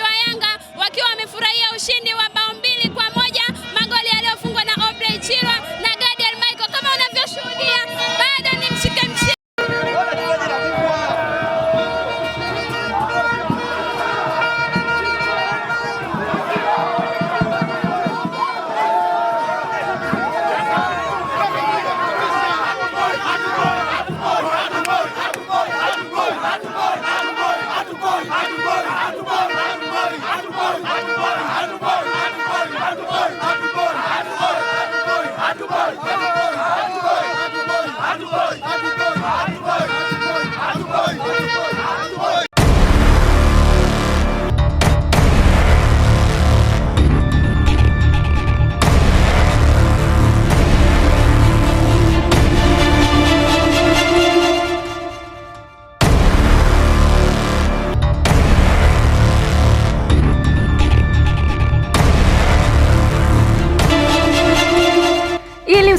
mashabiki wa Yanga wakiwa wamefurahia ushindi wa bao mbili kwa moja, magoli yaliyofungwa na Obrey Chirwa na Gadiel Michael kama unavyoshuhudia, bado ni mshike mshike. One.